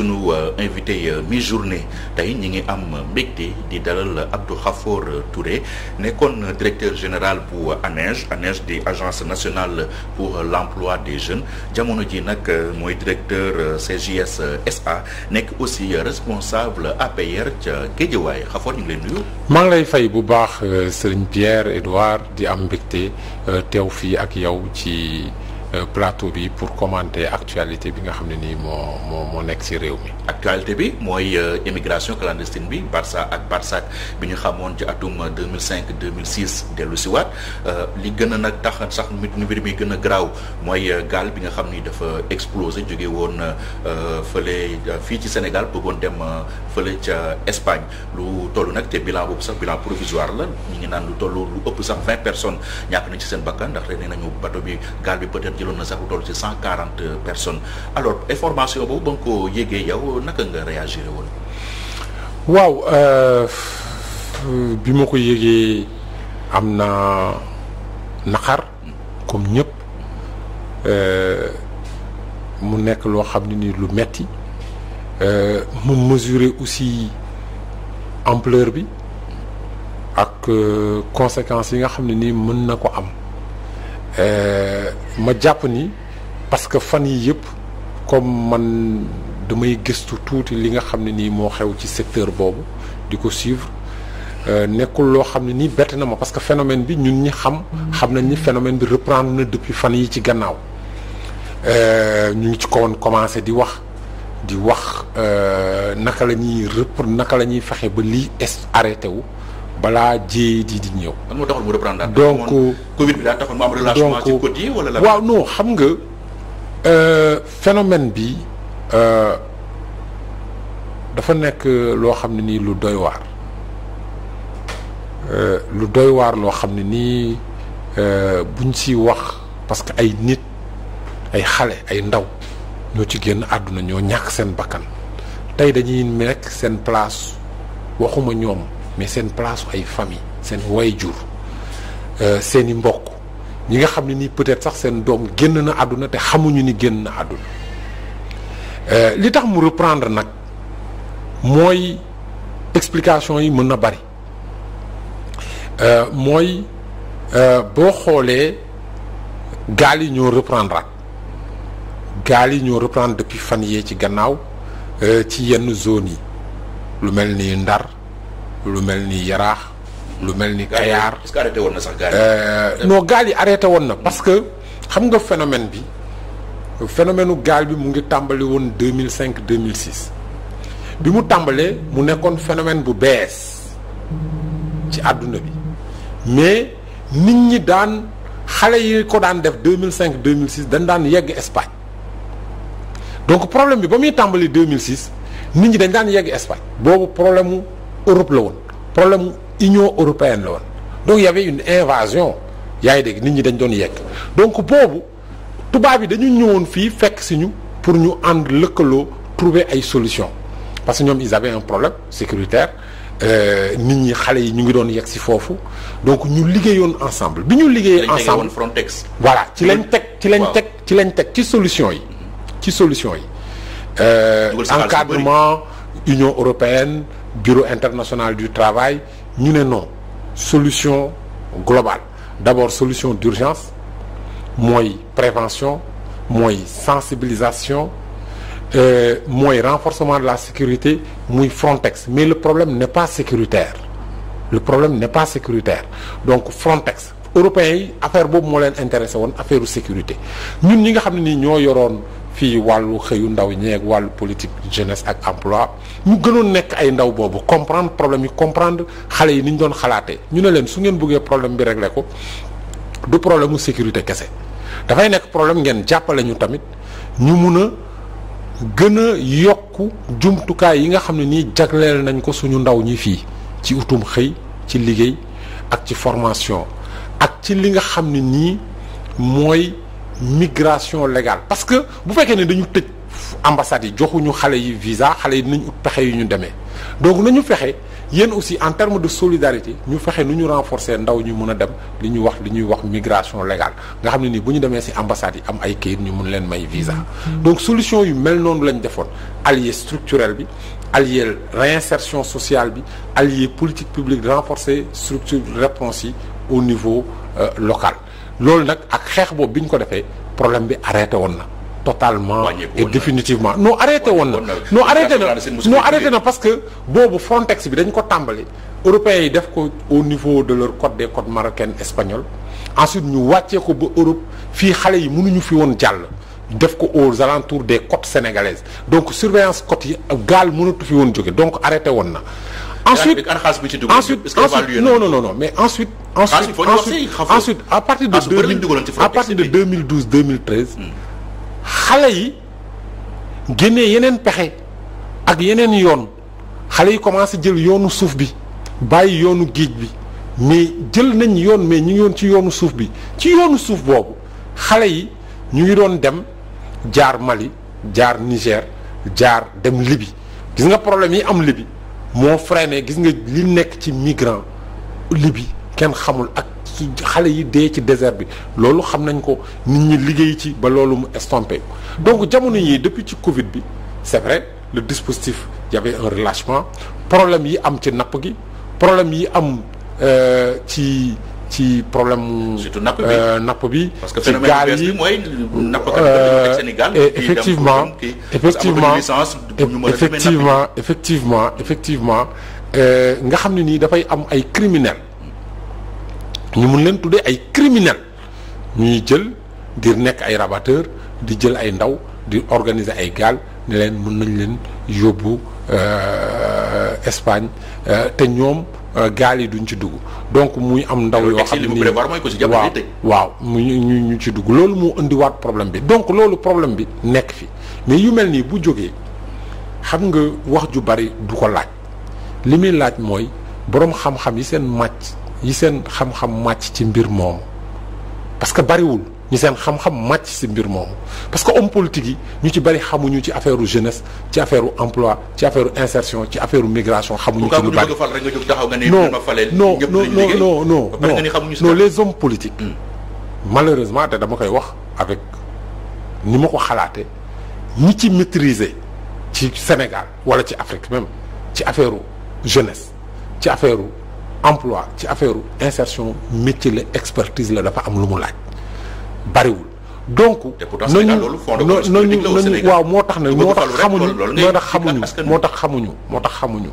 sunu euh, invité euh, mi journée tey ñi ngi am mbégte di dalal Abdou Khafor Touré nekkoon directeur général bu ANEJ ANEJ di agence nationale pour l'emploi des jeunes jamono ji nag euh, mooy directeur CJS SA nekk aussi responsable APR ca Guédiawaye Khafor ñu ngi lay nuyu. maa ngi lay fay bu baax Serigne Pierre Edouard di am mbégte teew fii ak yow ci. Euh, plateau bi pour commenter actualité bi nga xam ne nii moo moo moo nekk ci réew mi. actualité bi mooy euh, immigration clandestine bi Barça ak Barsak bi ñu xamoon ci atum 2005 2006 dellu si euh, li gën a nag tax sax mbir mi gën a garaaw mooy gaal bi nga xam ni dafa explosé jóge woon fële fii ci Sénégal bëggoon dem fële ca Espagne lu toll nag te bilan boobu sax bilan provisoire la ñu ngi naan lu toll lu ëpp sax vingt personnes ñàkk nañ ci seen bakkan ndax nee nañu bateau bi gaal bi peut jëloon na sax lu toll ci cent quarante personnes alors information boobu ba nga ko yéegee yow naka nga réagir woon. waaw euh, bi ma ko yéegee am na naqar comme ñëpp euh, mu nekk loo xam ne ni lu metti euh, mu mesurer aussi ampleur bi ak conséquences yi nga xam ne ni mën na ko am. Euh, ma jàpp ni parce que fan yii yëpp comme man damay gëstu tuuti li nga xam ne nii moo xew ci secteur boobu di ko suivre euh, nekkul loo xam ne nii bett na ma parce que phénomène bi ñun ñi xam xam nañ ñi phénomène bi reprendre na depuis fan yi ci gannaaw euh, ñu ngi ci kawoon commencé di wax di wax naka la ñuy naka la ñuy fexe ba lii est arrêté wu balaa ji di di ñëw. lan moo taxoon mu reprendre donc Covid bi daa taxoon wala la. waaw noo xam nga euh, phénomène bi euh, dafa nekk loo xam ne nii lu doy waar euh, lu doy waar loo xam ne nii buñ si wax parce que ay nit ay xale ay ndaw ñoo ci génn àdduna ñoo ñàkk seen bakkan tey dañuy nekk seen place waxuma ñoom. mais seen place ay famille seen wayjur euh, seen i mbokk ñi nga xam ne nii peut-être sax seen doom génn na àdduna te xamuñu ni génn na àdduna euh, li tax mu reprendre nag mooy explication yi mën na bari euh, mooy boo xoolee gaal yi ñoo reprendre ak gaal yi ñoo reprendre depuis fan yee ci gannaaw ci yenn zone yi lu mel ni Ndar lu mel ni yaraax lu mel ni kayaar est-ce woon na sax gaal yi euh, non yi arrêté woon na parce que xam nga phénomène bi phénomène gaal bi mu ngi tàmbali woon 2005 2006 bi mu tàmbalee mu nekkoon phénomène bu bees ci àdduna bi mais nit ñi daan xale yi ko daan def 2005 2006 dañ daan yegg Espagne donc problème bi ba muy tàmbali 2006 nit ñi dañ daan yegg Espagne boobu problème mu Europe la woon problème Union européenne la woon donc il y avait yaa ngi dégg nit ñi dañ doon yegg donc boobu tubaab yi dañu ñëwoon fii fekk si ñu pour ñu ànd lëkkaloo trouver ay solution parce que ñoom ils avaient un problème sécuritaire euh, nit ñi xale yi ñu ngi doon yegg si foofu donc ñu liggéeyoon ensemble bi ñu liggéeyee ensemble Frontex voilà ci lañ teg ci lañ teg ci lañ teg ci solution yi ci solution yi euh, encadrement Union européenne bureau international du travail ñu ne noon solution globale d'abord solution d'urgence mooy prévention mooy sensibilisation euh, mooy renforcement de la sécurité muy Frontex mais le problème ne pas sécuritaire le problème ne pas sécuritaire donc Frontex européens yi affaire boobu moo leen intéressé woon affaire sécurité ñun ñi nga xam ne nii ñoo yoroon fii wàllu xëyu ndaw ñeeg wàllu politique jeunesse ak emploi ñu gënoon nekk ay ndaw boobu comprendre problème yu comprendre xale yi ni ñu doon xalaatee ñu ne leen su ngeen bëggee problème bi réglé ko du problème mu sécurité kese dafay nekk problème ngeen jàppale ñu tamit ñu mun a gën a yokk jumtukaay yi nga xam ne nii jagleel nañ ko suñu ndaw ñi fii ci utum xëy ci liggéey ak ci formation ak ci li nga xam ne nii mooy migration légale parce que bu fekkee ne dañu tëj ambassades yi joxuñu xale yi visa xale yi nañu ut pexe yu ñu demee donc nañu fexe yéen aussi en terme de solidarité ñu fexe nu ñu renforcer ndaw ñu mën a dem li ñu wax li ñuy wax migration légale nga xam ne nii bu ñu demee ci ambassades yi am ay kayit ñu mën leen may visa mm-hmm. donc solution yu mel noonu lañ defoon allié structurel bi allié réinsertion sociale bi allié politique publique renforcer structure réponse yi au niveau euh, loolu nag ak xeex boobu bi ñu ko defee problème bi arrêté woon na totalement et définitivement non arrêté woon na non arrêté na non arrêté na parce que boobu Frontex bi dañ ko tàmbali européens yi def ko au niveau de leur côte des côtes marocaines espagnoles ensuite ñu wàccee ko ba Europe fii xale yi mënuñu fi woon jàll def ko aux alentours des côte sénégalaises donc surveillance côte yi gaal mënatu fi woon jóge donc arrêté woon na ensuite ensuite non non non non mais ensuite. ensuite ensuite à partir de. à partir de 2012 2013. xale yi génnee yeneen pexe ak yeneen yoon xale yi commencé jël yoonu suuf bi bàyyi yoonu géej bi mais jël nañ yoon mais ñu ngi yoon ci yoonu suuf bi ci yoonu suuf boobu xale yi ñu ngi doon dem jaar Mali jaar Niger jaar dem Libye gis nga problème yi am Libye. moo freiné gis nga li nekk ci migrant libi kenn xamul ak su xale yi dee ci désert bi loolu xam nañ ko nit ñi liggéey ci ba loolu mu estompé donc jamono yi depuis ci Covid bi c'est vrai le dispositif y avait un relâchement problème yi am ci napp gi problème yi am euh, ci ci problème mu. surtout napp bi euh, napp bi. parce que phénomène bu bees bi mooy nappkat yi Sénégal. Euh, effectivement effectivement effectivement effectivement euh, effectivement nga xam ne nii dafay am ay criminel ñu mun leen tuddee ay criminel ñuy jël di nekk ay rabatteur di jël ay ndaw di organiser ay gaal ne leen mën nañ leen yóbbu Espagne te ñoom. Euh, gaal yi duñu ci dugg donc muy am ndaw yoo xam ni waaw waaw mu ñu ñu ci dugg loolu moo indiwaat problème bi donc loolu problème bi nekk fi mais yu mel nii bu jógee xam nga wax ju bari du ko laaj li muy laaj mooy boroom xam-xam yi seen màcc yi seen xam-xam màcc ci mbir moomu parce que bariwul ñu seen xam-xam màcc si mbir moomu parce que homme politique yi ñu ci bari xamuñu ci affaire jeunesse ci affaire emploi ci affaire insertion ci affaire migration. xamuñu ci lu bari non non non non non les hommes politiques. Hmm. malheureusement te dama koy wax avec ni ma ko xalaate ñi ci maîtriser ci Sénégal wala ci Afrique même ci affaire jeunesse ci affaire emploi ci affaire insertion métier la expertise la dafa am lu mu laaj. bariwul donc. te pourtant Sénégal loolu fond de waaw moo tax ne moo tax xamuñu moo tax xamuñu moo tax xamuñu moo tax xamuñu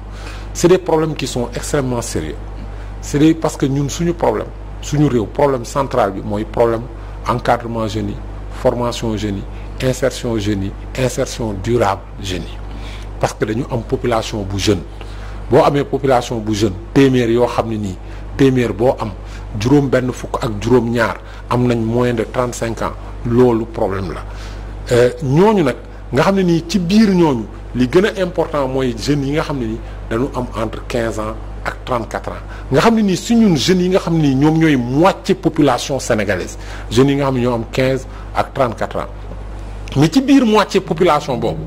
c'est des problèmes qui sont extrêmement sérieux c'est des parce que ñun suñu problème suñu réew problème central bi mooy problème encadrement jeunes yi formation jeunes yi insertion jeunes yi insertion durable jeunes yi parce que dañu am population bu jeune boo amee population bu jeune téeméer yoo xam ne nii téeméer boo am juróom benn fukk ak juróom ñaar am nañ moins de trente cinq ans loolu problème la euh, ñooñu nag nga xam ne nii ci biir ñooñu li gën a important mooy jeunes yi nga xam ne nii dañu am entre quinze ans ak trente quatre ans nga xam ne nii si ñun jeunes yi nga xam ne nii ñoom ñooy moitié population sénégalaise jeunes yi nga xam ne ñoo am quinze ak trente quatre ans mais ci biir moitié population boobu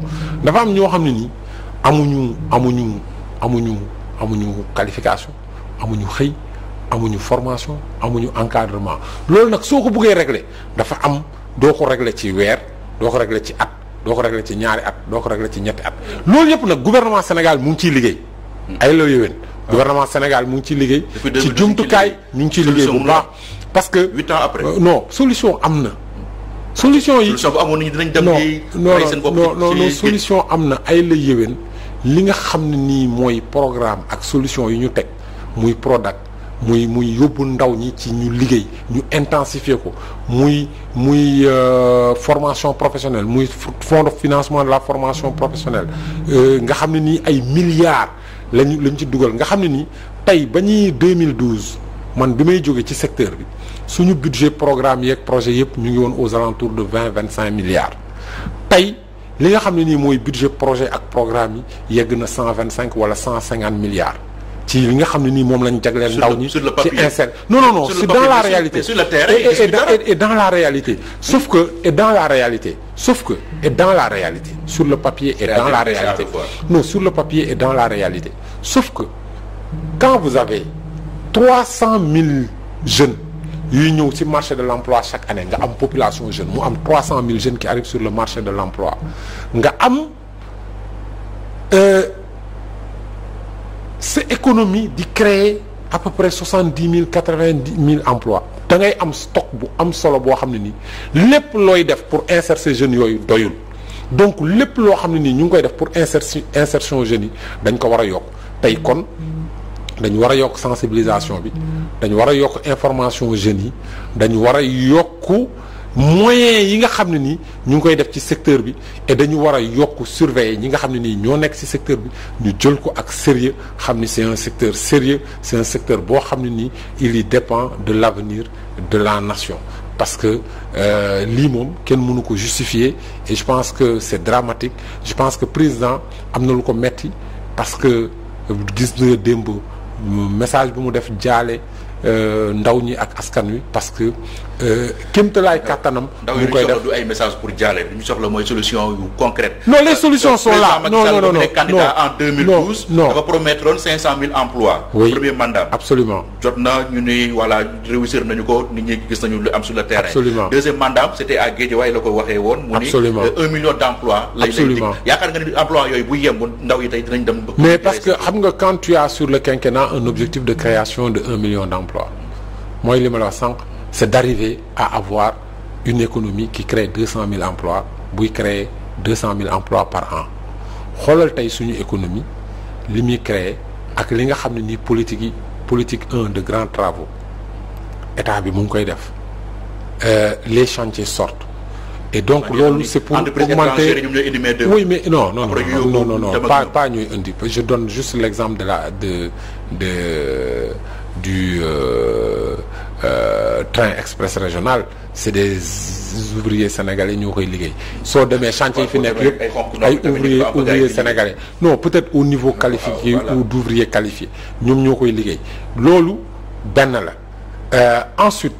dafa am ñoo xam ne nii amuñu amuñu amuñu amuñu qualification amuñu xëy. amuñu formation amuñu encadrement loolu nag soo ko bëggee régler dafa am doo ko régler ci weer doo ko régler ci at doo ko régler ci ñaari at doo ko régler ci ñetti at loolu yëpp nag gouvernement Sénégal mu ngi ciy liggéey hmm. ay la yowén ah. Sénégal mu ngi ciy liggéey ci jumtukaay ñu ngi ciy liggéey bu baax parce que huit ans après euh, non solution am na solution yi solution bu amoon nañu dinañ dem non seen bopp non non solution am na ay la yéwén li nga xam ne nii mooy programme ak solution yi ñu teg muy Prodac muy muy yóbbu ndaw ñi ci ñu liggéey ñu intensifier ko muy muy euh, formation professionnelle muy fonds financement de la formation professionnelle euh, nga xam ne nii ay milliards lañu lañ ci dugal nga xam ne nii tey ba ñuy 2012 man bi may jógee ci secteur bi suñu budget programme yeeg projet yëpp ñu ngi woon aux alentours de vingt vingt cinq milliards tey li nga xam ne nii mooy budget projet ak programme yi yegg na cent vingt cinq wala cent cinquante milliards ci li nga xam ne nii moom lañ jagleel ndaw ñi ci insert non non non c'est dans la réalité sur le terrain et dans la réalité sauf que et dans la réalité sauf que et dans la réalité sur le papier et dans la réalité non sur le papier et dans la réalité sauf que quand vous avez trois cent mille jeunes yuy ñëw ci marché de l'emploi chaque année nga am population jeune mu am trois cent mille jeunes qui arrivent sur le marché de l'emploi nga am euh, sa économie di créer à peu près soixante dix mille quatre vingt dix mille emplois da ngay am stock bu am solo boo xam ne nii lépp looy def pour insérer jeunes yooyu doyul donc lépp loo xam ne nii ñu ngi koy def pour insertion insertion jeunes yi dañ ko war a yokk tey kon dañ war a yokk sensibilisation bi dañ war a yokk information jeunes yi dañ war a yokk moyens yi nga xam ne nii ñu ngi koy def ci secteur bi et dañu war a yokk surveiller ñi nga xam ne nii ñoo nekk ci secteur bi ñu jël ko ak sérieux xam ne c'est un secteur sérieux c'est un secteur boo xam ne nii il y dépend de l'avenir de la nation parce que euh, lii moom kenn mënu ko justifier et je pense que c'est dramatique je pense que président am na lu ko metti parce que gis na démb message bi mu def jaale euh, ndaw ñi ak askan wi parce que Euh, kéemtalaay kattanam. mu koy def du ay message pour jàllee li ñu soxla mooy solution yu concrète. non les solutions sont là non non non non candidat en 2012. non dafa promettre 500000 emplois. oui premier mandat. absolument jot na ñu ni voilà réussir nañu ko nit ñi gis nañu lu am sur le terrain. absolument deuxième mandat c' était à Guédiawaye la ko waxee woon. absolument mu ni 1 million d' emplois. lay lay dig yaakaar nga ni emploi yooyu bu yemb ndaw yi tey dinañ dem. mais parce que xam nga quand tu as sur le quinquennat un objectif de création de 1 million d' emplois mooy li ma la wax sànq. c'est d'arriver à avoir une économie qui crée 200 000 emplois buy créer 200 000 emplois par an xoolal tey suñu économie li muy créer ak li nga xam ne nii politique yi politique un de grands travaux état bi mu ngi koy def euh, les chantiers sort et donc loolu c'est pour augmenter oui mais no non non non non pas pas ñuy indi je donne juste l'exemple de la de de du euh, euh, train express régional c'est des ouvriers sénégalais ñoo koy liggéey soo demee chantier yi fi nekk yëpp ay ouvrier ouvrier sénégalais non peut-être au niveau qualifié ou d'ouvrier qualifié ñoom ñoo koy liggéey loolu benn la euh, ensuite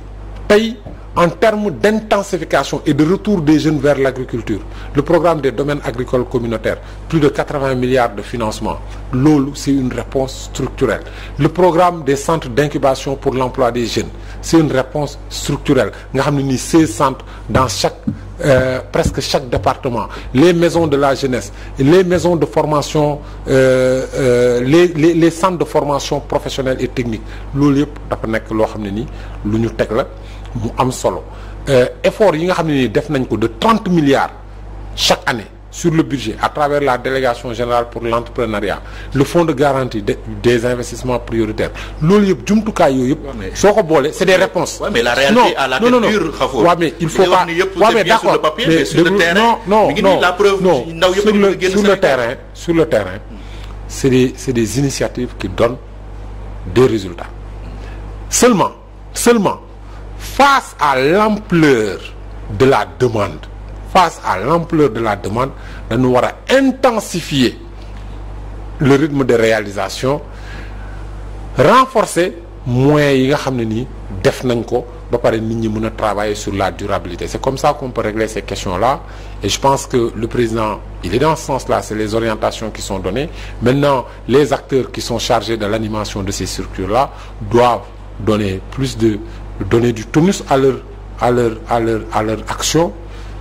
tey en termes d'intensification et de retour des jeunes vers l'agriculture le programme des domaines agricoles communautaires plus de 80 milliards de financement loolu c'est une réponse structurelle le programme des centres d'incubation pour l'emploi des jeunes c'est une réponse structurelle nga xam ne ni 16 centres dans chaque euh, presque chaque département les maisons de la jeunesse les maisons de formation euh, euh, les les les centres de formation professionnelle et technique loolu yëpp dafa nekk loo xam ne nii lu ñu teg la mu am solo euh, effort yi nga xam ne nii def nañ ko de trente milliards chaque année sur le budget à travers la délégation générale pour l'entrepreneuriat le fonds de garanti de, des investissements prioritaires loolu yëpp jumtukaay yooyu yëpp soo ko boolee c'est des réponses ouais, mais la réalité la non, non, non. waaw ouais, mais il faut pas waaw mais d'accord mais sur le terrain non non la preuve non ndaw sur le terrain sur le c'est des c'est des initiatives qui donnent des résultats seulement seulement face à l'ampleur de la demande face à l'ampleur de la demande dañu war a intensifier le rythme de réalisation renforcer moyens yi nga xam ne nii def nañ ko ba pare nit ñi mën a travailler sur la durabilité c'est comme ça qu'on peut régler ces questions-là et je pense que le président il est dans ce sens-là c'est les orientations qui sont données maintenant les acteurs qui sont chargés de l'animation de ces circuits-là doivent donner plus de donner du tonus à leur à leur à leur à leur action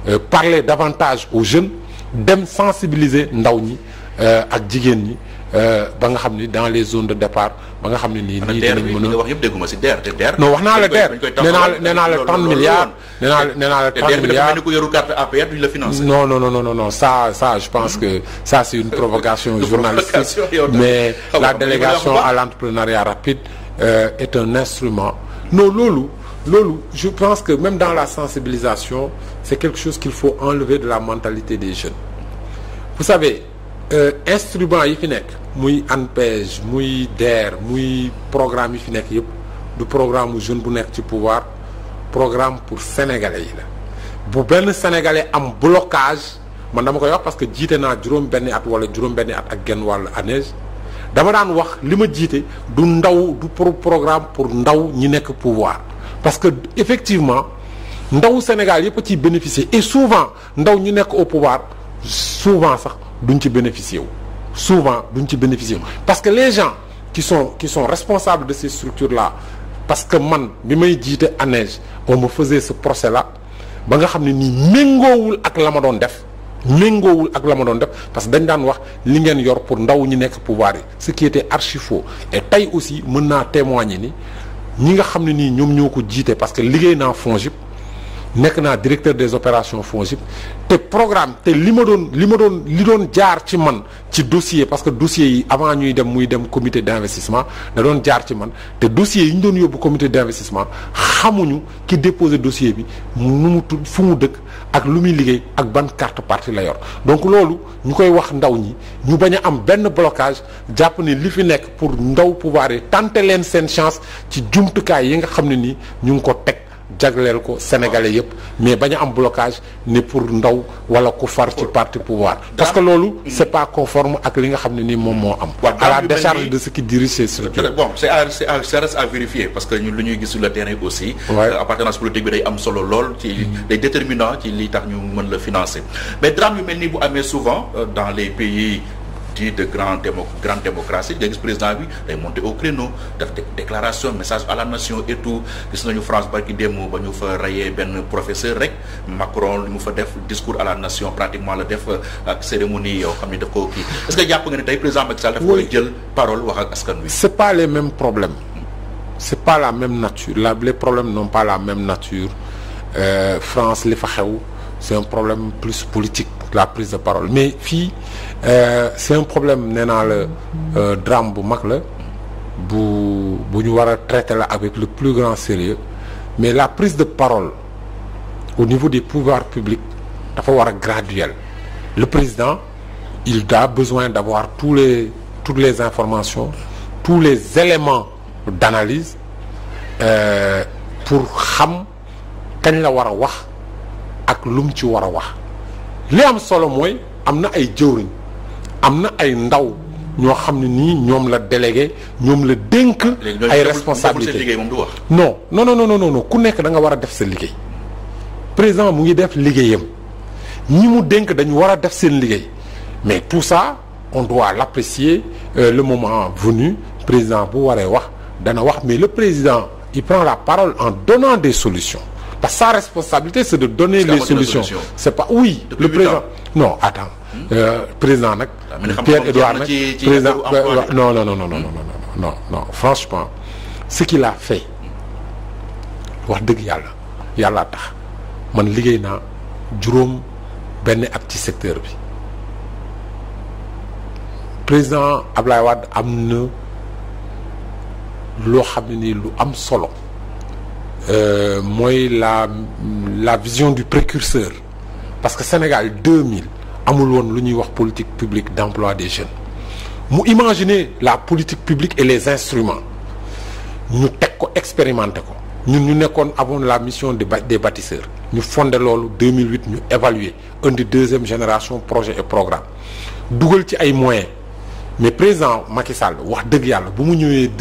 euh, parler davantage aux jeunes dem sensibiliser ndaw ñi euh, ak jigéen ñi euh, ba nga xam ni dans les zones de départ ba nga xam ne nii. nii dinañ mën a wax yëpp dégguma si DER wax naa la DER nee naa la nee naa la trente milliards. nee naa la nee naa la trente milliards te ça ça je pense que ça c'est une provocation journalistique mais la délégation à l'entrepreneuriat rapide est un instrument. non loolu loolu je pense que même dans la sensibilisation c'est quelque chose qu'il faut enlever de la mentalité des jeunes vous savez euh, yi fi nekk muy ANPEJ muy DER muy programme yi fi nekk yëpp du programme mu jeune bu nekk ci pouvoir programme pour sénégalais yi la bu benn sénégalais am blocage man dama koy wax parce que jiite naa juróom benni at wala juróom benni at ak genn wàllu ANEJ dama daan wax li ma jiite du ndaw du pro programme pour ndaw ñi nekk pouvoir parce que effectivement ndaw Sénégal yëpp a ciy bénéficier et souvent ndaw ñi nekk au pouvoir souvent sax duñ ci bénéficier wu souvent duñ ci bénéficier wu parce que les gens qui sont qui responsables de ces structures là parce que man bi may jiite ANEJ on me faisait ce procès là ba nga xam ne ni méngoowul ak la ma doon def méngoowul ak la ma doon def parce que dañu daan wax li ngeen yor pour ndaw ñi nekk pouvoir yi ce qui était tey aussi mën naa témoigner ni ñi nga xam ne nii ñoom ñoo ko jiite parce que liggéey naa FONGIP nekk naa directeur des opérations FONGIP te programme te li ma doon li ma doon li doon jaar ci man ci dossier parce que dossier yi avant ñuy dem muy dem comité d'investissement da doon jaar ci man te dossier yi ñu doon yóbbu comité d'investissement xamuñu ki déposé dossier bi nu mu tudd fu mu dëkk ak lu muy liggéey ak ban carte parti la yor donc loolu ñu koy wax ndaw ñi ñu bañ a am benn blocage jàpp ni li fi nekk pour ndaw pouvoir yi tenter leen seen chance ci jumtukaay yi nga xam ne nii ñu ngi ko teg jagleel ko sénégalais yëpp mais bañ a am blocage ni pour ndaw wala ku far ci parti pouvoir parce que loolu c'est pas conforme ak li nga xam ne nii moom moo am à la décharge de ce qui dirige ces structures bon c'est à ça reste à vérifier parce que ñun lu ñuy gis sur le terrain aussi euh, appartenance politique bi day am solo lool ci mm. day déterminant ci li tax ñu mën la financer mais drame yu mel nii bu amee souvent euh, dans les pays dit de grand démo grande démocratie nga gis président bi day monter au créneau def déclaration message à la nation et tout gis nañu France barki démb ba ñu fa rayee benn professeur rek Macron li mu fa def discours à la nation pratiquement la def ak cérémonie yoo xam ne daf koo kii est-ce que jàpp nga ne tey président Macky Sall daf koy jël parole wax ak askan wi. c'est pas les mêmes problèmes. c'est pas la même nature la les problèmes n'ont pas la même nature euh, France li fa xew. c'est un problème plus politique la prise de parole mais fii euh, c'est un problème nee naa la euh, drame bu mag la bu bu ñu war a traiter la avec le plus grand sérieux mais la prise de parole au niveau des pouvoirs publics dafa war a graduel le président il a besoin d'avoir tous les toutes les informations tous les éléments d'analyse euh, pour xam kañ la war a wax ak lu mu ci war a wax li am solo mooy am na ay jëwriñ am na ay ndaw ñoo xam ne nii ñoom la délégué ñoom la dénk ay responsabilité non no no non non ku nekk danga war a def sa liggéey président mu ngi def liggéeyam ñi mu dénk dañu war a def seen liggéey mais tout ça on doit l'apprécier euh, le moment venu président bu waree wax dana wax mais le président il prend la parole en donnant des solutions parce que sa responsabilité c'est de donner les solutions c'est pas oui le président non attends hmm? euh, président nag ah, Pierre Édouard nag président euh, non non non hmm? non non non non franchement ce qu'il a fait wax dëgg yàlla yàllaa tax man liggéey na juróom benn at ci secteur bi président Ablaye Wade am na loo xam ne nii lu am solo euh, mooy la la vision du précurseur parce que Sénégal 2000 amul woon lu ñuy wax politique publique d'emploi des jeunes mu imaginer la politique publique et les instruments ñu teg ko expérimenter ko ñun ñu nekkoon amoon la mission de des bâtisseurs ñu fondé loolu 2008 ñu évaluer indi deuxième génération projet et programme dugal ci ay moyen mais président Macky wax dëgg yàlla bu mu ñëwee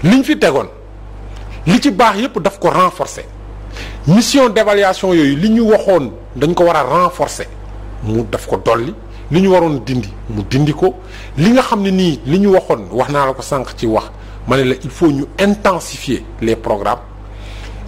li liñ fi tegoon. li ci baax yëpp daf ko renforcer mission d'évaluation yooyu li ñu waxoon dañ ko war a renforcer mu daf ko dolli li ñu waroon dindi mu dindi ko li nga xam ne nii li ñu waxoon wax naa la ko sànq ci wax ma ne la il faut ñu intensifier les programmes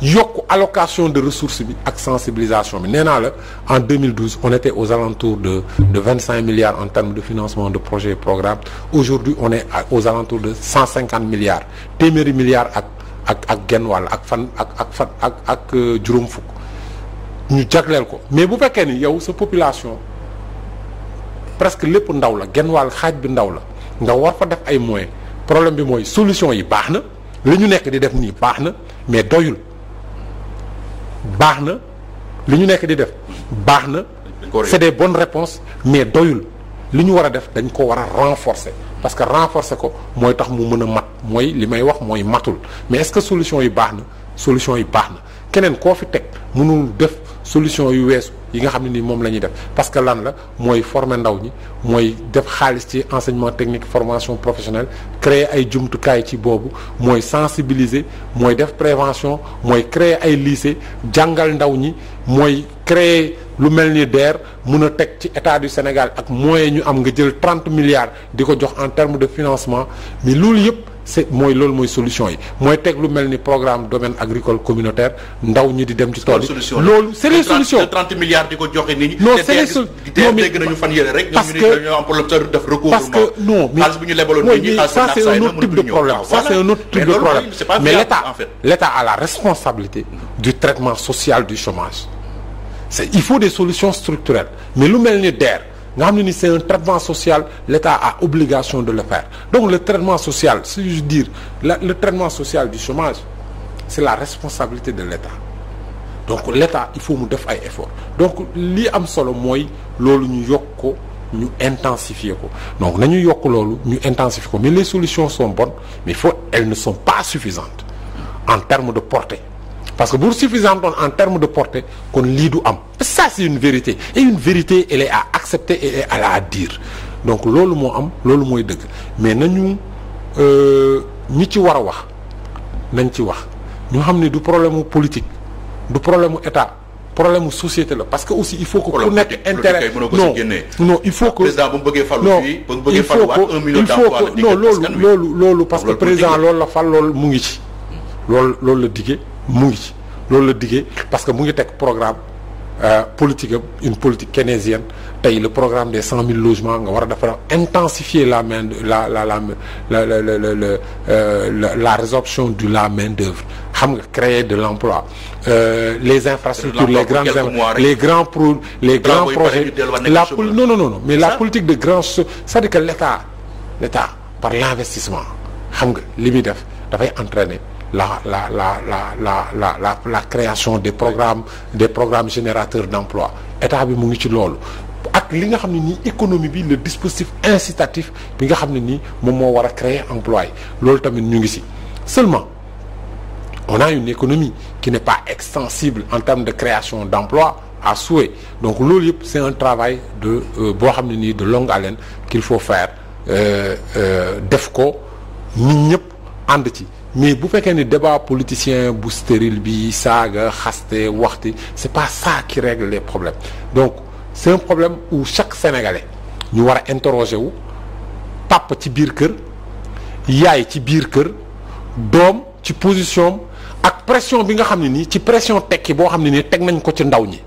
yokk allocation de ressources bi ak sensibilisation bi nee naa la en 2012 on était aux alentours de de 25 milliards en termes de financement de projet et programmes aujourd'hui on est aux alentours de 150 milliards téeméeri milliards ak ak ak genn wàll ak fan ak ak fan ak ak euh, juróom fukk ñu jagleel ko mais bu fekkee ni yow sa population presque lépp ndaw la genn wàll xaaj bi ndaw la nga war fa def ay moyens problème bi mooy solution yi baax na li ñu nekk di def nii baax na mais doyul baax na li ñu nekk di def baax na c'est des bonne réponses mais doyul li ñu war a def dañ ko war a renforcer parce que renforcer ko mooy tax mu mën a mat mooy li may wax mooy matul mais est-ce que solution yi baax na solution yi baax na keneen koo fi teg mënul def solution yu weesu yi nga xam ne nii moom la ñuy def parce que lan la mooy former ndaw ñi mooy def xaalis ci enseignement technique formation professionnelle créer ay jumtukaay ci boobu mooy sensibiliser mooy def prévention mooy créer ay lycée jàngal ndaw ñi mooy créer lu mel ni DER mun a teg ci état du Sénégal ak moyens ñu am nga jël trente milliards di ko jox en terme de financement mais loolu yëpp c'est mooy loolu mooy solution yi mooy teg lu mel ni programme domaine agricole communautaire ndaw ñi di dem ci tool yi loolu c'est les solutions di ko joxe nit ñi non rek parce que ñoo am problème sax def recours parce que non mais xaalis bu ñu lebaloon nit ñi ça c'est un autre type de problème ça c'est un autre type de problème mais l'État l'État a la responsabilité du traitement social du chômage c'est il faut des solutions structurelles mais lu mel ni DER nga xam ne ni c'est un traitement social l'État a obligation de le faire donc le traitement social si je dire la, le social du chômage c'est la responsabilité de l'État donc l'État il faut mu def ay efforts donc li am solo mooy loolu ñu yokk ko ñu intensifier ko donc nañu yokk loolu ñu intensifier ko mais les solutions sont bonnes mais faut elles ne sont pas suffisantes en termes de portée parce que bu suffisante oon en termes de portée kon lii du am ça c'est une vérité et une vérité elle est à accepter et elle est à dire donc loolu moo am loolu mooy dëgg mais na nañu euh, ñu ci war a wax nañ ci wax ñu xam ni du problème politique du problème état problème mu société la parce que aussi il faut que. ku nekk intérêt non il faut que. président bu mu bëggee fàllu fii bu mu bëggee fàlluwaat loolu loolu loolu parce que président loolu la fal loolu mu ngi ci loolu loolu la diggee. mu ngi ci loolu la diggee parce que mu ngi teg programme euh, politique am une politique keynésienne tey le programme des cent mille logements nga war a dafa intensifier la main la la la la la la la la, euh, la, la résorption de la main d'œuvre xam nga créer de l'emploi euh, les infrastructures les grandes les grands pro les grands projets la non non non mais la politique de grand c'est-à-dire que l'État l'État par l'investissement xam nga li muy def dafay entraîner la la la la la la la la création des programmes des programmes générateurs d'emploi état bi mu ngi ci loolu ak li nga xam ne nii économie bi le dispositif incitatif bi nga xam ne nii moom moo war a créer emploi yi loolu tamit ñu ngi si seulement on a une économie qui n'est pas extensible en termes de création d'emploi à souhait donc loolu yëpp c'est un travail de euh, boo xam ne nii de longue haleine qu'il faut faire euh, euh, def ko ñi ñëpp ànd ci mais bu fekkee ni débat politicien bu stérile bi saaga xaste waxti c'est pas ça qui règle les problème donc c'est un problème où chaque sénégalais ñu war a interroger wu papa ci biir kër yaay ci biir kër doom ci position ak pression bi nga xam ne nii ci pression tekki boo xam ne nii teg nañ ko ci ndaw ñi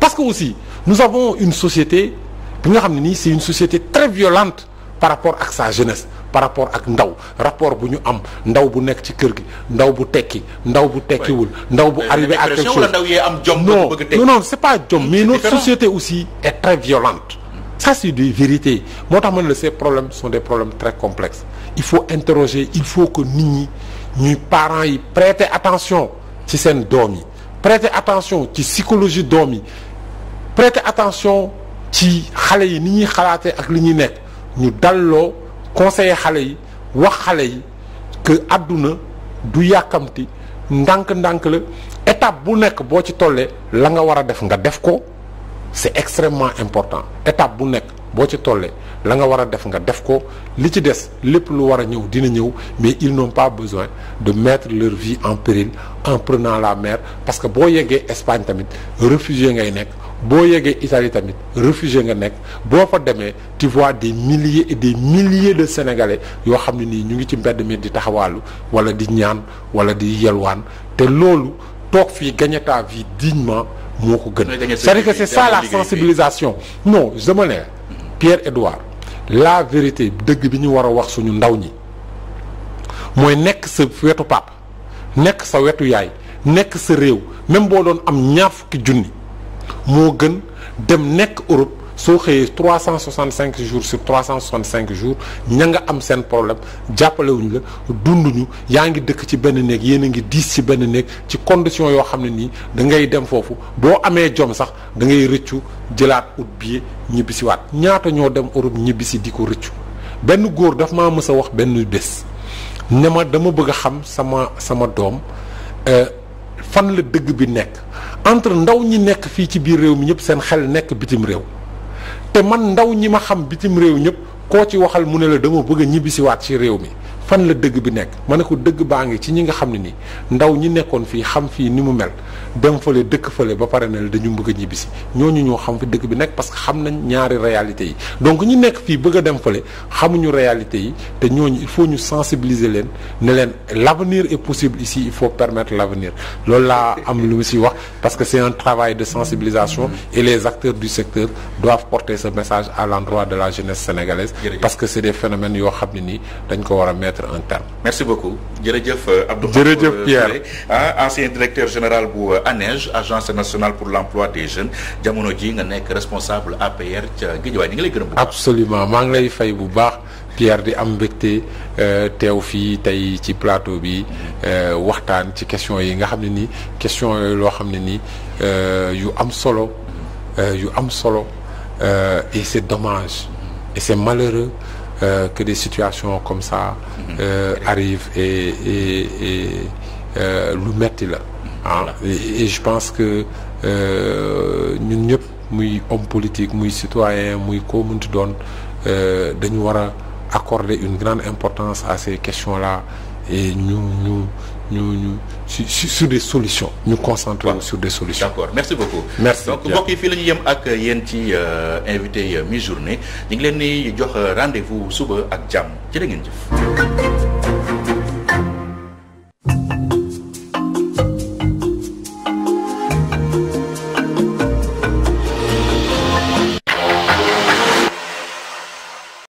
parce que aussi nous avons une société bi nga xam ne nii c'est une société très violente par rapport ak sa jeunesse par rapport ak ndaw rapport bu ñu am ndaw bu nekk ci kër gi ndaw bu tekki ndaw bu tekkiwul ndaw bu arrivé à quelque chose non non non c'est pas jom mais notre société aussi est très violente ça c'est des vérités moo tax ma ne la ces problèmes sont des problèmes très complexes il faut interroger il faut que nit ñi ñuy parent yi prété attention ci seen doom yi prêter attention ci psychologie doom yi prêter attention ci xale yi ni ñuy xalaatee ak li ñuy nekk ñu dalloo conseiller xale yi wax xale yi que àdduna du yàkkamti ndànk-ndànk la étape bu nekk boo ci tollee la nga war a def nga def ko c'est extrêmement important étape bu nekk boo ci tolle la nga war a def nga def ko li ci des lépp lu war a ñëw dina ñëw mais ils n'ont pas besoin de mettre leur vie en péril en prenant la mer parce que boo yeggee Espagne tamit réfugié ngay nekk boo yeggee Italie tamit réfugié nga nekk boo fa demee tu vois des milliers et des de sénégalais yoo xam ne nii ñu ngi ci mbedd mi di taxawalu wala di ñaan wala di yelwaan te loolu toog fii gagner ta vie dignement moo ko gën. c'est-à-dire que la sensibilisation. non je me lève Pierre-Edouard la vérité dëgg bi ñu war a wax suñu ndaw ñi mooy nekk sa wetu pap nekk sa wetu yaay nekk sa réew même boo doon am ñaar fukki junni. moo gën dem nekk Europe soo xëyee cent cinq jours su sur cinq jours ña nga am seen problème jàppalewuñu la dunduñu yaa ngi dëkk ci benn néeg yéen a ngi diis ci benn néeg ci condition yoo xam ne nii dangay dem foofu boo amee jom sax da ngay rëccu jëlaat ut billet ñibbisiwaat ñaata ñoo dem Europe ñibbisi di ko rëccu benn góor daf maa mës a wax benn bés ne ma dama bëgg a xam sama sama doom. Euh, fan la dëgg bi nekk entre ndaw ñi nekk fii ci biir réew mi ñëpp seen xel nekk bitim réew te man ndaw ñi ma xam bitim réew ñëpp koo ci waxal mu ne la dama bëgg a ñibbisiwaat ci réew mi fan la dëgg bi nekk ma ne ko dëgg baa ngi ci ñi nga xam ne nii ndaw ñi nekkoon fii xam fii ni mu mel dem fële dëkk fële ba pare ne dañu bëgg a ñibbisi ñooñu ñoo xam fi dëkk bi nekk parce que xam nañ ñaari réalité yi donc ñu nekk fii bëgg dem fële xamuñu réalité yi te ñooñu il faut ñu sensibiliser leen ne leen l'avenir et possible ici il faut permettre l'avenir loolu laa am lu mu si wax parce que c'est un travail de sensibilisation et les acteurs du secteur doivent porter ce message à l'endroit de la jeunesse sénégalaise parce que c'est des phénomènes yoo xam ne nii dañ ko war a mettre un terme merci beaucoup jërëjëf Abdou jërëjëf euh, Pierre ah, ancien directeur général bu euh, ANEJ agence nationale pour l'emploi des jeunes jamono ji nga nekk responsable APR ca Guédiawaye ñu nga lay gërëm bu baax. absolument maa ngi lay fay bu baax Pierre di am mbégte euh, teew fii tey ci plateau bi euh, waxtaan ci question yi nga xam ne ni question yooyu euh, loo xam ne nii yu am solo yu am solo et c'est dommage et c'est malheureux Euh, que des situations comme ça euh, mm-hmm. arrivent et lu metti la ah et je pense que euh, ñun ñëpp muy homme politique muy citoyen muy koo munti doon euh, dañu war a accorder une grande importance à ces question la e ñu ñu ñu ñu sur des solutions. ñu concentrer sur des solutions. d'accord merci beaucoup. merci donc mbokk yi fii lañu yem ak yéen ci euh, invité mi journée ñu ngi leen di jox rendez-vous suba ak jàmm jërë ngeen jëf.